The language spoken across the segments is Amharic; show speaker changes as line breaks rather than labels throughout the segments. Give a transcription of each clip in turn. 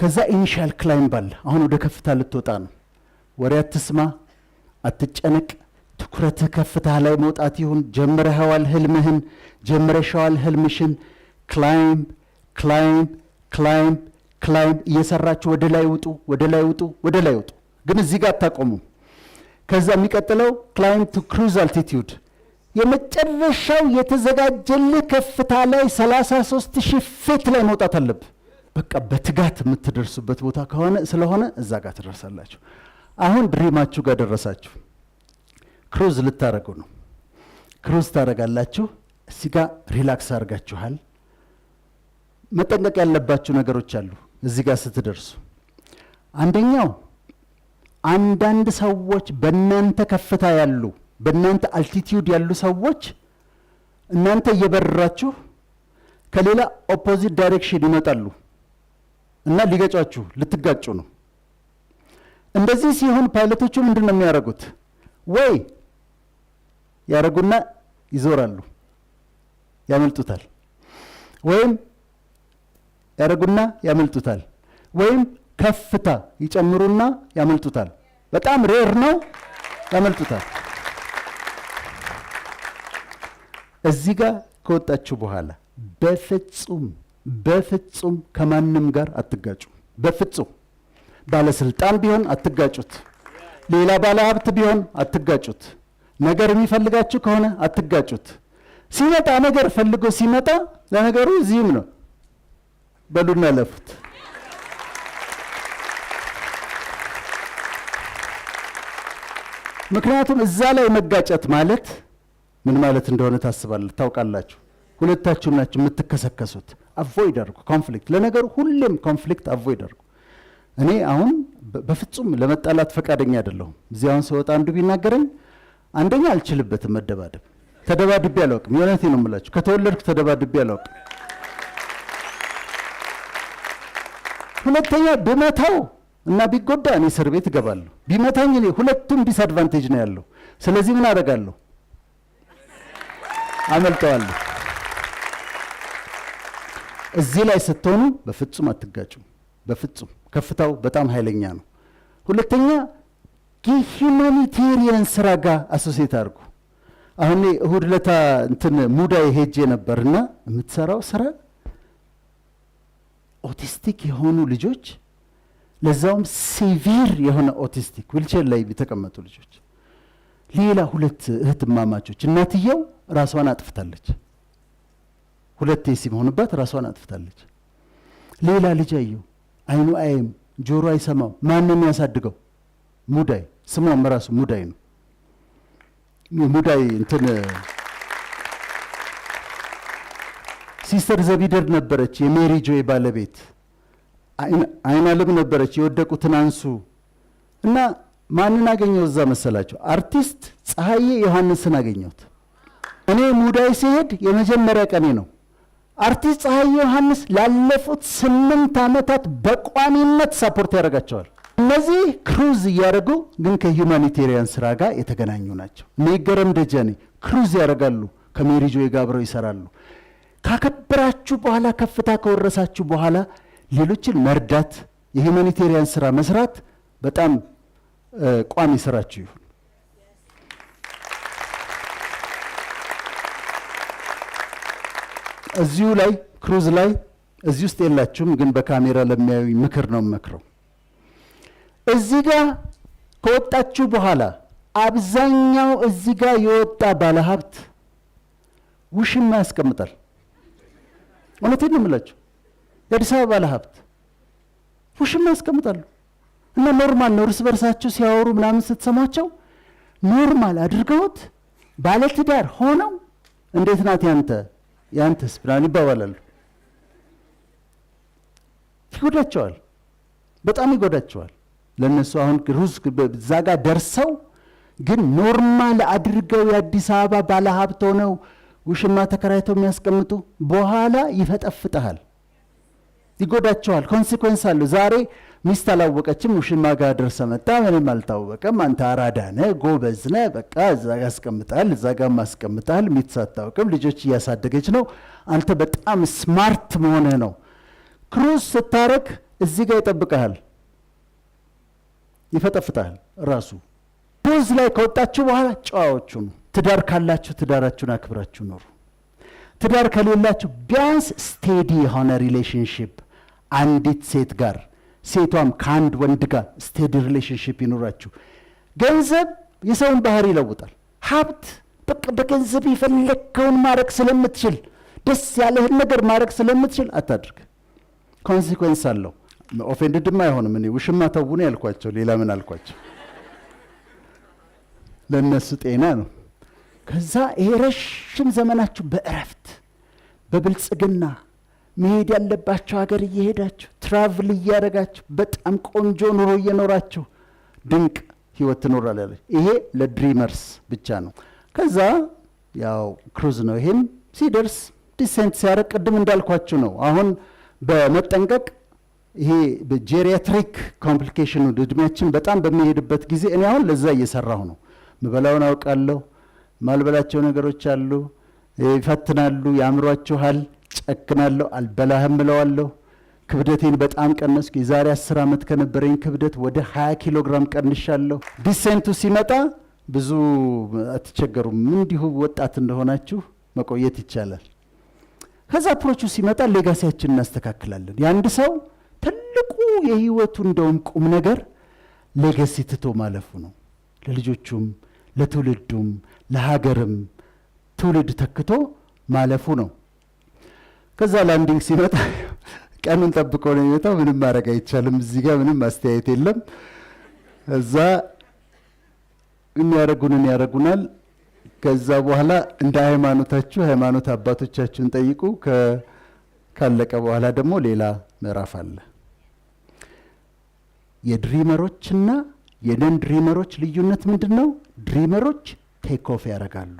ከዛ ኢኒሻል ክላይምብ አለ። አሁን ወደ ከፍታ ልትወጣ ነው። ወሬ አትስማ፣ አትጨነቅ። ትኩረትህ ከፍታ ላይ መውጣት ይሁን። ጀምረኸዋል ህልምህን፣ ጀምረሻዋል ህልምሽን። ክላይምብ ክላይምብ ክላይምብ ክላይምብ እየሰራችሁ ወደ ላይ ውጡ፣ ወደ ላይ ውጡ፣ ወደ ላይ ውጡ። ግን እዚህ ጋር አታቆሙ። ከዛ የሚቀጥለው ክላይምብ ቱ ክሩዝ አልቲቲዩድ የመጨረሻው የተዘጋጀልህ ከፍታ ላይ 33 ሺህ ፌት ላይ መውጣት አለብህ። በቃ በትጋት የምትደርሱበት ቦታ ከሆነ ስለሆነ እዛ ጋር ትደርሳላችሁ። አሁን ድሪማችሁ ጋር ደረሳችሁ። ክሩዝ ልታደረጉ ነው። ክሩዝ ታደረጋላችሁ። እዚህ ጋር ሪላክስ አድርጋችኋል። መጠንቀቅ ያለባችሁ ነገሮች አሉ። እዚህ ጋር ስትደርሱ አንደኛው አንዳንድ ሰዎች በእናንተ ከፍታ ያሉ በእናንተ አልቲቲዩድ ያሉ ሰዎች እናንተ እየበረራችሁ ከሌላ ኦፖዚት ዳይሬክሽን ይመጣሉ። እና ሊገጫችሁ ልትጋጩ ነው። እንደዚህ ሲሆን ፓይለቶቹ ምንድን ነው የሚያደርጉት? ወይ ያደረጉና ይዞራሉ፣ ያመልጡታል፣ ወይም ያደረጉና ያመልጡታል፣ ወይም ከፍታ ይጨምሩና ያመልጡታል። በጣም ሬር ነው፣ ያመልጡታል። እዚህ ጋር ከወጣችሁ በኋላ በፍጹም በፍጹም ከማንም ጋር አትጋጩ። በፍጹም ባለስልጣን ቢሆን አትጋጩት። ሌላ ባለሀብት ቢሆን አትጋጩት። ነገር የሚፈልጋችሁ ከሆነ አትጋጩት። ሲመጣ ነገር ፈልጎ ሲመጣ ለነገሩ እዚህም ነው በሉና ለፉት። ምክንያቱም እዛ ላይ መጋጨት ማለት ምን ማለት እንደሆነ ታስባለ ታውቃላችሁ። ሁለታችሁም ናችሁ የምትከሰከሱት። አቮይድ አድርጉ ኮንፍሊክት። ለነገሩ ሁሌም ኮንፍሊክት አቮይድ አድርጉ። እኔ አሁን በፍጹም ለመጣላት ፈቃደኛ አይደለሁም። እዚህ አሁን ስወጣ አንዱ ቢናገረኝ አንደኛ አልችልበትም መደባደብ። ተደባድቤ አላውቅም። የእውነቴ ነው የምላችሁ። ከተወለድኩ ተደባድቤ አላውቅም። ሁለተኛ ብመታው እና ቢጎዳ እኔ እስር ቤት እገባለሁ። ቢመታኝ እኔ ሁለቱም ዲስአድቫንቴጅ ነው ያለው። ስለዚህ ምን አደርጋለሁ? አመልጠዋለሁ። እዚህ ላይ ስትሆኑ በፍጹም አትጋጩም። በፍጹም ከፍታው በጣም ኃይለኛ ነው። ሁለተኛ የሂማኒቴሪያን ስራ ጋር አሶሴት አድርጉ። አሁን እሁድ ለታ እንትን ሙዳይ ሄጄ ነበርና የምትሰራው ስራ ኦቲስቲክ የሆኑ ልጆች ለዛውም ሲቪር የሆነ ኦቲስቲክ ዊልቸር ላይ የተቀመጡ ልጆች ሌላ ሁለት እህትማማቾች እናትየው ራሷን አጥፍታለች። ሁለቴ ሲሆንባት ራሷን አጥፍታለች። ሌላ ልጅ አየሁ። አይኑ አይም ጆሮ አይሰማም። ማን የሚያሳድገው? ሙዳይ ስሟም ራሱ ሙዳይ ነው። ሙዳይ እንትን ሲስተር ዘቢደር ነበረች የሜሪ ጆይ ባለቤት። አይን ነበረች የወደቁትን አንሱ እና ማንን አገኘው እዛ መሰላቸው? አርቲስት ፀሐዬ ዮሐንስን አገኘሁት። እኔ ሙዳይ ሲሄድ የመጀመሪያ ቀኔ ነው። አርቲስት ፀሐይ ዮሐንስ ላለፉት ስምንት ዓመታት በቋሚነት ሰፖርት ያደርጋቸዋል። እነዚህ ክሩዝ እያደረጉ ግን ከሁማኒቴሪያን ስራ ጋር የተገናኙ ናቸው። ሜገረም ደጀኔ ክሩዝ ያደርጋሉ፣ ከሜሪጆ ጆይ ጋር አብረው ይሰራሉ። ካከበራችሁ በኋላ ከፍታ ከወረሳችሁ በኋላ ሌሎችን መርዳት የሁማኒቴሪያን ስራ መስራት በጣም ቋሚ ስራችሁ ይሁን። እዚሁ ላይ ክሩዝ ላይ እዚህ ውስጥ የላችሁም፣ ግን በካሜራ ለሚያዩ ምክር ነው መክረው። እዚህ ጋር ከወጣችሁ በኋላ አብዛኛው እዚህ ጋር የወጣ ባለሀብት ውሽማ ያስቀምጣል። እውነቴን ነው የአዲስ አበባ ባለሀብት ውሽማ ያስቀምጣሉ። እና ኖርማል ነው እርስ በርሳቸው ሲያወሩ ምናምን ስትሰማቸው ኖርማል አድርገውት ባለትዳር ሆነው እንዴት ናት ያንተ ያንተስ ምናምን ይባባላሉ። ይጎዳቸዋል፣ በጣም ይጎዳቸዋል። ለእነሱ አሁን ሩዝ እዛ ጋር ደርሰው ግን ኖርማል አድርገው የአዲስ አበባ ባለሀብት ሆነው ውሽማ ተከራይተው የሚያስቀምጡ በኋላ ይፈጠፍጠሃል። ይጎዳቸዋል። ኮንሲኮንስ አለው። ዛሬ ሚስት አላወቀችም፣ ውሽማ ጋር ደርሰ መጣ፣ ምንም አልታወቀም። አንተ አራዳ ነ ጎበዝ ነ በቃ እዛ ጋ አስቀምጣል፣ እዛ ጋ ማስቀምጣል። ሚስት ሳታውቅም ልጆች እያሳደገች ነው። አንተ በጣም ስማርት መሆነ ነው። ክሩዝ ስታረግ እዚህ ጋር ይጠብቀሃል፣ ይፈጠፍጣል። ራሱ ክሩዝ ላይ ከወጣችሁ በኋላ ጨዋዎቹ ነው። ትዳር ካላችሁ ትዳራችሁን አክብራችሁ ኖሩ። ትዳር ከሌላችሁ ቢያንስ ስቴዲ የሆነ ሪሌሽንሽፕ አንዲት ሴት ጋር ሴቷም ከአንድ ወንድ ጋር ስቴዲ ሪሌሽንሽፕ ይኖራችሁ። ገንዘብ የሰውን ባህሪ ይለውጣል። ሀብት በቃ በገንዘብ የፈለግከውን ማድረግ ስለምትችል ደስ ያለህን ነገር ማድረግ ስለምትችል አታድርግ። ኮንሲኮንስ አለው። ኦፌንድድም አይሆንም። እኔ ውሽማ ተውነ ያልኳቸው። ሌላ ምን አልኳቸው? ለእነሱ ጤና ነው። ከዛ ይሄ ረሽም ዘመናችሁ በእረፍት በብልጽግና መሄድ ያለባቸው ሀገር እየሄዳችሁ ትራቭል እያደረጋችሁ በጣም ቆንጆ ኑሮ እየኖራችሁ ድንቅ ህይወት ትኖራላለች። ይሄ ለድሪመርስ ብቻ ነው። ከዛ ያው ክሩዝ ነው። ይሄም ሲደርስ ዲሴንት ሲያደርግ ቅድም እንዳልኳችሁ ነው። አሁን በመጠንቀቅ ይሄ በጄሪያትሪክ ኮምፕሊኬሽኑ እድሜያችን በጣም በሚሄድበት ጊዜ እኔ አሁን ለዛ እየሰራሁ ነው። ምበላውን አውቃለሁ። ማልበላቸው ነገሮች አሉ፣ ይፈትናሉ፣ ያምሯችኋል ጨክናለሁ፣ አልበላህም እለዋለሁ። ክብደቴን በጣም ቀነስኩ። የዛሬ 10 ዓመት ከነበረኝ ክብደት ወደ 20 ኪሎ ግራም ቀንሻለሁ። ዲሴንቱ ሲመጣ ብዙ አትቸገሩም። እንዲሁ ወጣት እንደሆናችሁ መቆየት ይቻላል። ከዛ አፕሮቹ ሲመጣ ሌጋሲያችን እናስተካክላለን። የአንድ ሰው ትልቁ የህይወቱ እንደውም ቁም ነገር ሌጋሲ ትቶ ማለፉ ነው። ለልጆቹም፣ ለትውልዱም፣ ለሀገርም ትውልድ ተክቶ ማለፉ ነው። ከዛ ላንዲንግ ሲመጣ ቀኑን ጠብቆ ነው የሚመጣው። ምንም ማድረግ አይቻልም። እዚህ ጋር ምንም አስተያየት የለም። እዛ የሚያደርጉንን ያደርጉናል። ከዛ በኋላ እንደ ሃይማኖታችሁ ሃይማኖት አባቶቻችሁን ጠይቁ። ካለቀ በኋላ ደግሞ ሌላ ምዕራፍ አለ። የድሪመሮችና የነን ድሪመሮች ልዩነት ምንድን ነው? ድሪመሮች ቴክ ኦፍ ያደርጋሉ፣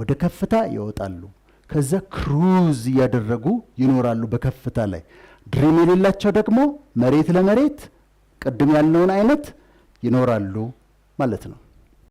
ወደ ከፍታ ይወጣሉ። ከዛ ክሩዝ እያደረጉ ይኖራሉ በከፍታ ላይ። ድሪም የሌላቸው ደግሞ መሬት ለመሬት ቅድም ያለውን አይነት ይኖራሉ ማለት ነው።